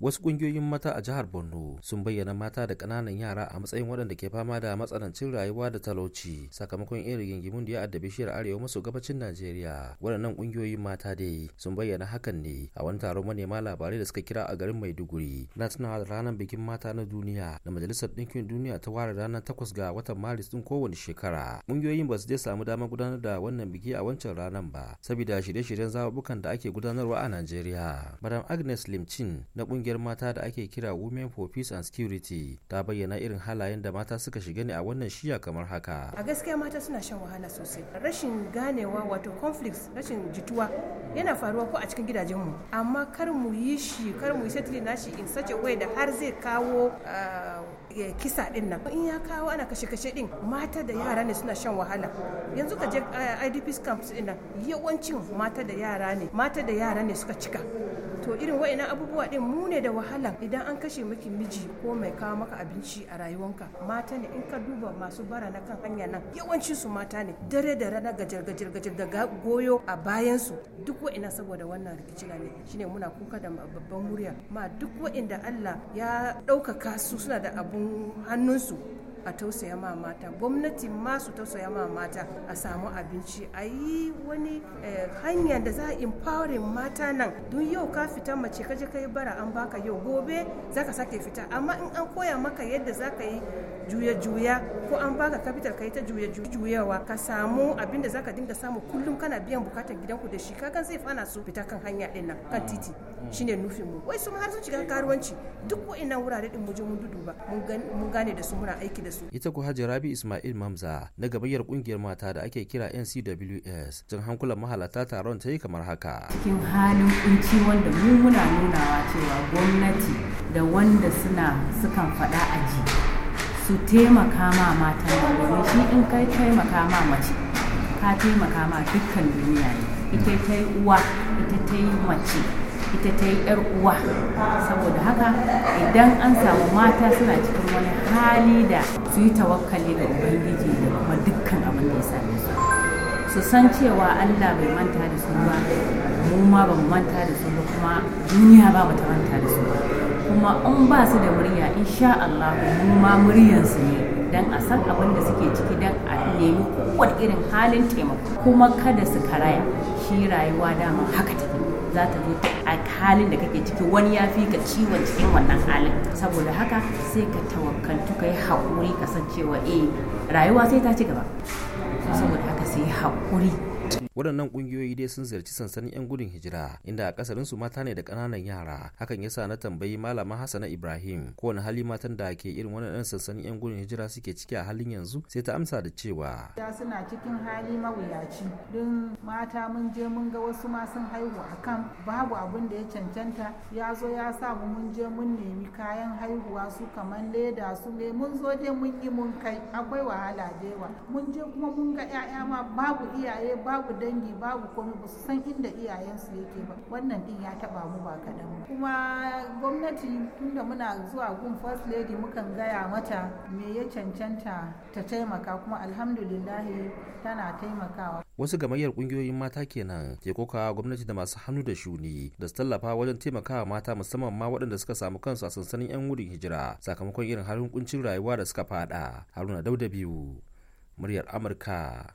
wasu kungiyoyin mata a jihar borno sun bayyana mata da ƙananan yara a matsayin waɗanda ke fama da matsanancin rayuwa da talauci sakamakon irin rigingimun da ya addabi bishiyar arewa maso gabacin najeriya waɗannan kungiyoyin mata dai sun bayyana hakan ne a wani taron manema labarai da suka kira a garin maiduguri na tunawa da ranar bikin mata na duniya na majalisar ɗinkin duniya ta ware ranar takwas ga watan maris ɗin kowane shekara kungiyoyin ba su dai samu damar gudanar da wannan biki a wancan ranar ba saboda shirye-shiryen zaɓuɓɓukan da ake gudanarwa a najeriya madam agnes limchin na kungiyar mata da ake kira women for peace and security ta bayyana irin halayen da mata suka shiga ne a wannan shiya kamar haka a gaskiya mata suna shan wahala sosai rashin ganewa wato conflicts rashin jituwa yana faruwa ko a cikin gidajenmu amma kar mu yi shi kar mu yi settle shi in such a da har zai kawo eh, kisa din nan in ya kawo ana kashe-kashe din mata da yara ne suna shan wahala yanzu ka je eh, idps camps din nan yawancin mata da yara ne mata da yara ne suka cika to irin wa'annan abubuwa din mu ne da wahala idan an kashe maki miji ko mai kawo maka abinci a rayuwanka mata ne in ka duba masu bara na kan hanya nan yawanci su mata ne dare da rana gajar gajar gajar da goyo a bayan su duk wa'ina saboda wannan rikicin ne shine muna kuka da babban murya ma duk wa'inda Allah ya ɗaukaka su suna da abun hannunsu a tausaya ma mata gwamnati ma su tausaya ma mata a samu abinci a yi wani eh, hanya da za a empowering mata nan don yau ka fita mace ka je ka bara an baka yau gobe za ka sake fita amma in an koya maka yadda za ka yi juya-juya ko an baka kapital ka yi ta juya-juyawa ka samu abin da za ka dinga samu kullum kana biyan bukatar gidanku da shi ka kaga zai fana su fita kan hanya din nan kan titi mm. shine nufin mu wai su har sun shiga karuwanci duk wa'annan wurare din mu je mun duduba mun gane da su muna aiki da su su ita ku hajji rabi ismail mamza na gabayar kungiyar mata da ake kira ncws tun hankulan mahalata taron ta yi kamar haka cikin halin kunci wanda mu muna nunawa cewa gwamnati da wanda suna sukan faɗa a ji su taimaka ma matan domin shi in kai taimaka ma mace ka taimaka ma dukkan duniya ne ita ta yi uwa ita ta yi mace ita ta yi yar uwa saboda haka idan an samu mata suna cikin wani hali da su yi tawakkali da ubangiji da kuma dukkan abin da ya same su su san cewa allah bai manta da su ba mu ma ba mu manta da su ba kuma duniya ba ta manta da su ba kuma in ba su da murya insha allah mu ma muryansu ne dan a san abin da suke ciki dan a nemi kowane irin halin taimako kuma kada su karaya shi rayuwa dama haka take za ta zo a halin da kake ciki wani ya fi ka ciwon cikin wannan halin saboda haka sai ka tawakantu ka yi haƙuri cewa eh rayuwa sai ta ci gaba saboda haka sai haƙuri waɗannan ƙungiyoyi dai sun ziyarci sansanin 'yan gudun hijira inda a su mata ne da kananan yara hakan yasa na tambayi malama hasana ibrahim kowane hali matan da ke irin waɗannan sansanin 'yan gudun hijira suke ciki a halin yanzu sai ta amsa da cewa ya suna cikin hali mawuyaci don mata mun je mun ga wasu ma sun haihu kan babu abin da ya cancanta ya zo ya sa mu mun je mun nemi kayan haihuwa su kamar leda su ne mun zo dai mun yi mun kai akwai wahala da yawa mun je kuma mun ga 'ya'ya ma babu iyaye babu da dangi babu komai ba su san inda iyayensu yake ba wannan din ya taba mu ba kaɗan kuma gwamnati tunda muna zuwa gun first lady mukan gaya mata me ya cancanta ta taimaka kuma alhamdulillah tana taimakawa wasu gamayyar kungiyoyin mata kenan ke koka gwamnati da masu hannu da shuni da su tallafa wajen taimakawa mata musamman ma waɗanda suka samu kansu a sansanin 'yan wurin hijira sakamakon irin halin kuncin rayuwa da suka fada haruna dauda biyu muryar amurka